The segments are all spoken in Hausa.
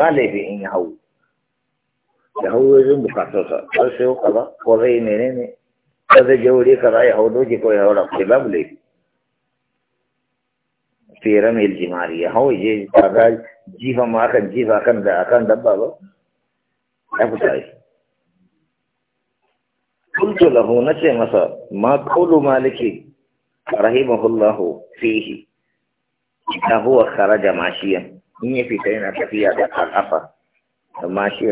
ba laifi in ya hau ya hau wajen bukatunsa ko sai kaza ko zai menene ko zai je wuri kaza ya hau doki ko ya hau rafi babu laifi fere mai jimari ya hau je kaga jifa ma akan jifa kan da akan dabba ba ya fita yi قلت له نتي مسا ما قول مالك رحمه الله فيه إذا هو خرج ماشيا in ya fita yana tafiya da al'afa amma shi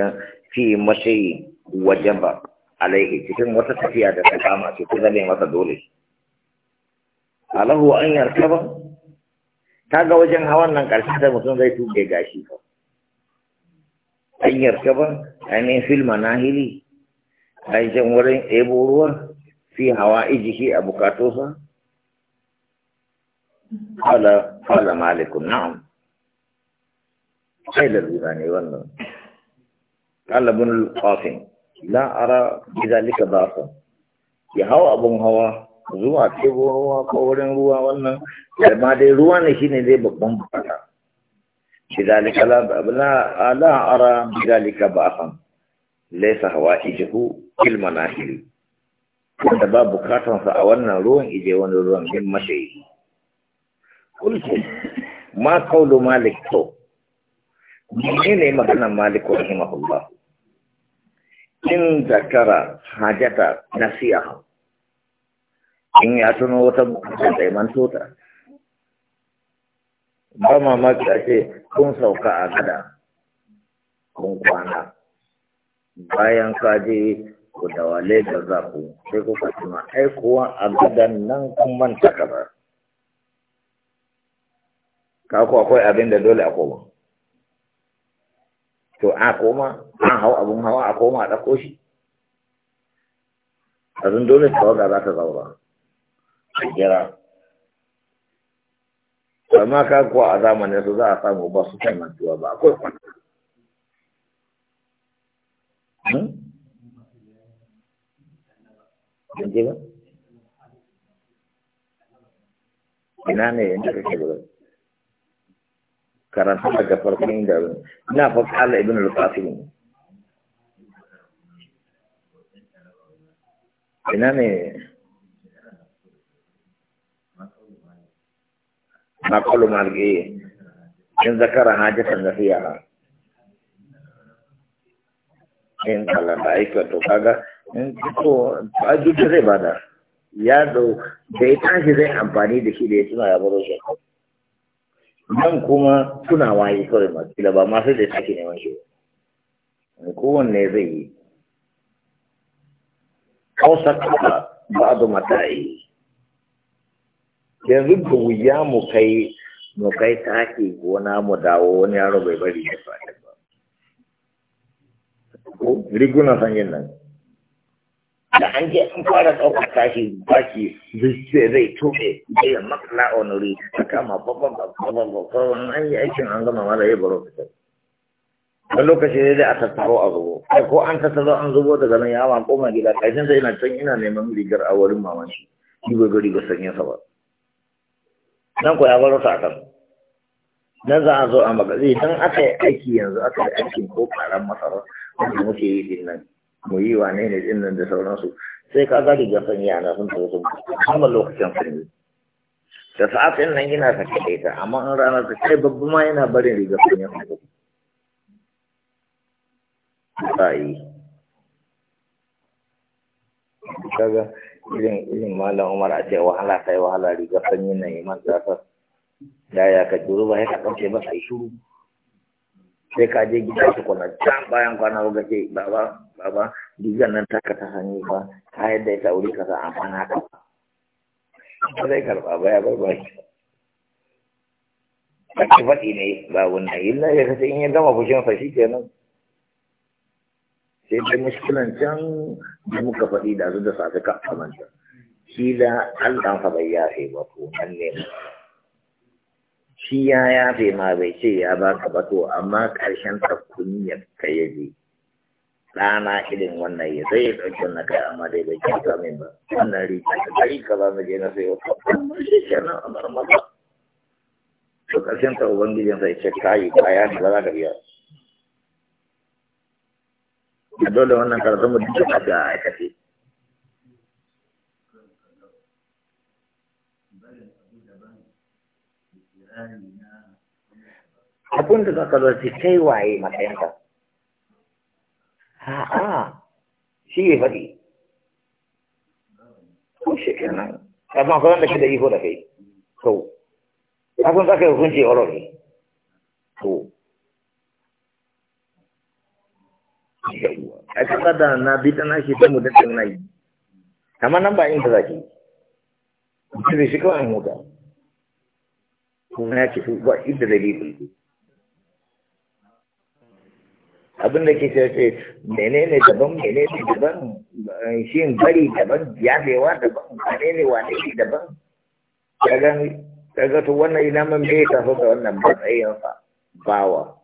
fi mashayi wajen ba alaihi cikin wata tafiya da ta kama ce ta masa dole alahu an yarka ba ta ga wajen hawan nan ƙarshe da mutum zai tuge gashi ba an yarka ba yi filma na hili can wurin ɗebo fi hawa ijiki a bukatunsa قال قال malikun na'am. A lalura ne wannan ɗalibin alƙafin la ara bizalika ba su ya hawa abun hawa zuwa tebo ruwa ko wurin ruwa wannan ma ruwa ne shine dai babban bukata bizalika la la ara bizalika ba san laysa hawa ijihu fil manahil wanda ba bukatansa a wannan ruwan ije wani ruwan bin mashayi kulki ma malik menene maganan maliku rahimahullah in zakara hajata nasiha in ya tuno wata bukatar da iman tota ba mamaki a ce kun sauka a gada kun kwana bayan kaji ku dawale da za ku sai kuka tuna aikowa a gadan nan kun manta ka ka ku akwai abin da dole a koma to a koma an hau abun hawa a koma a ɗauko shi a zun dole tawaga za ta zaura a kira amma ka kuwa a zamanin su za a samu ba su kan mantuwa ba akwai kwanta hmm? Ina ne yanzu kake gudu? karatu daga farkon inda ina fa kala ibn al-qasim ina ne ما قول مالكي إن ذكر حاجة فيها in kala da aika to kaga in ko a duk zai bada ya dau da ya tashi zai amfani da shi da ya tuna nan kuma suna waye kawai masu kila ba masu da take neman shi kowanne zai yi kausa kafa ba da matayi yanzu da wuya mu kai mu kai take gona mu dawo wani yaro bai bari ya fata ba rigunan sanyin nan da an je an fara ɗaukar tashi baki zai zai tobe zai yi makala a wani wuri ta kama babban babban babban an yi aikin an gama mara yi baro fita wani lokaci dai a tattaro a zubo kai ko an tattaro an zubo daga nan yawa koma gida ƙarshen sai ina can ina neman rigar a wurin maman shi shi bai gari ga sanyin sa ba nan ko ya baro sa kan nan za a zo a magazi dan aka yi aiki yanzu aka yi aikin ko karan masarar wanda muke yi din nan mu yi wane ne din nan da sauransu sai ka ga riga sanyi ana sun tafi sun musamman lokacin sanyi da sa'afin nan yana sake da ita amma in rana ta kai babba ma yana barin riga sanyi a kuma ta yi kaga irin irin malam umar a ce wahala kai wahala riga sanyi nan iman ta sa yaya ka duru ba ya ka ɗauke masa shuru sai ka je gida ki kwana can bayan kwana ga ce baba baba digan nan taka ta hanyi ba ta yadda ya tauri ka san amma na ka ba zai karba ba ya barba ki ki faɗi ne ba wannan illa ya kace in ya gama fushin ke nan. sai dai mushkilan can da muka faɗi da su da safe ka amanta shi da Allah fa bai sai ba to nan ne shi ya yafe ma bai ce ya baka ba to amma ƙarshen ta kunyar ka ya je ɗana irin wannan ya zai ɗauki wannan kai amma dai bai kyauta min ba wannan rikici ka gari ka ba mu je na sai ka amma shi kenan a bar ba to ƙarshen ta ubangijin sai ce kayi kaya ne ba za ka biya dole wannan karatun mu duk da ga aikace abin da za ka kai waye matsayinka a'a shi ya faɗi ko shi kenan amma kuma da shi da iko da kai to abin za yi hukunci oro ne to a kasa da na bi shi ta mu da yi kamar nan ba yin zaki shi kawai mota Kuna ya ce ba inda da ribi abin da ke ce menene daban menene daban shin bari daban yafewa daban menene wane shi daban ya to wannan ina man bai tafi da wannan matsayin fa bawa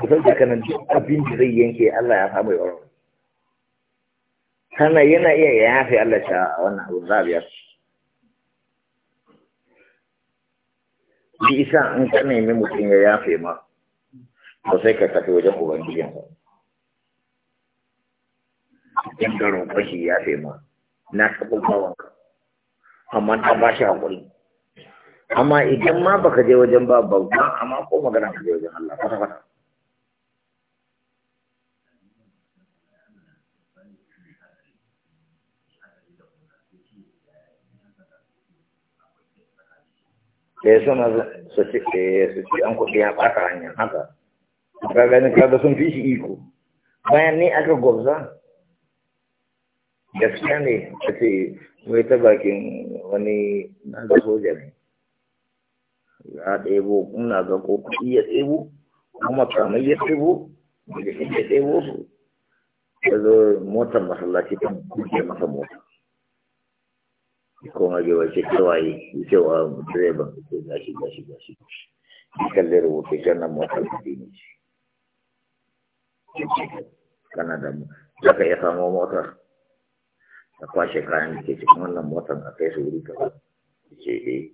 kusan da duk abin da zai yanke Allah ya samu yawon sannan yana iya yafe Allah a wannan abu zabiya bi isa in ka nemi mutum ya yafe ma ko sai ka tafi wajen ubangijinsa in ka roƙon shi yafe ma na bawa ka, amma ta ba shi haƙuri amma idan ma baka je wajen ba babba amma ko magana ka je wajen Allah kwata-kwata da ya sama su eh, an kuɗi ya ɓata hanyar haka ka ganin kaga sun fi shi iko bayan ni aka gwabza gaskiya ne a ce mai ta bakin wani na ga soja ne ya ɗebo ina ga ko ya ɗebo kuma kamar ya ɗebo da ya ɗebo su ya zo motar masallaci ta kuke masa mota kuma bai wace kewaye cewa direban ke gashi gashi gashi kalle rubutu nan mota kudi ne ce kana da za ka iya samo motar ka kwashe kayan da ke cikin wannan motar a kai su wuri ka ce eh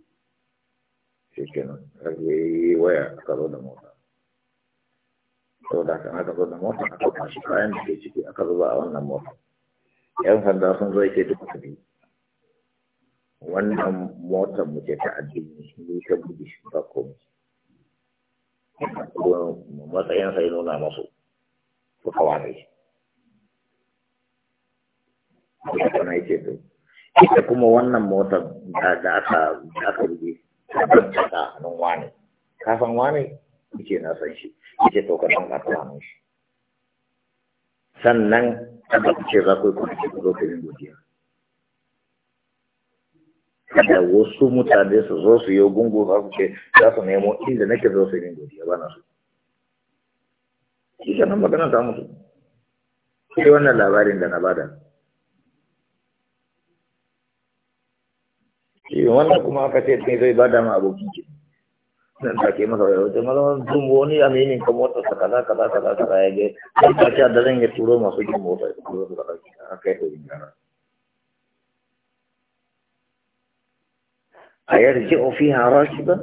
shi ke nan rage yi waya a karo da mota sau da kan aka zo da mota aka kwashe kayan da ke ciki aka zuba a wannan mota, yan sanda sun zo yake duk kudi wannan motar mu ce ta addini ne ta gudu shi ba komai matsayin sai nuna masu su hawa ne kuma yake to ita kuma wannan motar da da aka da aka rubi ta tabbata nan wani ka san wani yake na san shi yake to ka san ka san shi sannan ka ce za ku yi kuma ki zo ka yi godiya da wasu mutane su zo su yi gungu za su ce za su nemo inda nake zo su yi godiya ba na su shi nan magana ta mutu sai wannan labarin da na bada shi wannan kuma aka ce ne zai bada ma abokin ki nan ta ke masa wayar wata mazan dumbo wani aminin kan wata sa kaza kaza kaza kaza ya ga sai ta ce da zan yi turo masu jin mota ya turo su da aka yi to in gara a yarje ofi hara ba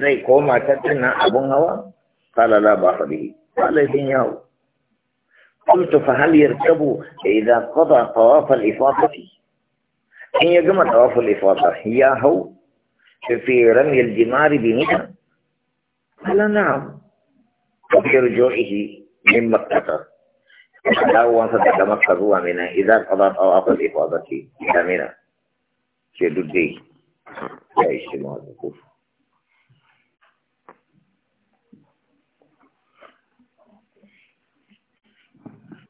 zai koma tattunan abun hawa kalala ba faɗi ba laifin yawo kuntu fa haliyar tabo da idan kada tawafin ifafafi in ya gama tawafin ifafa ya hau fi firan yaljimari bi nita ala na kafir jo'ihi min makkata dawowansa daga makka zuwa mina idan kada tawafin ifafafi ta mina ke duk dai ya shi shirin wasu kofu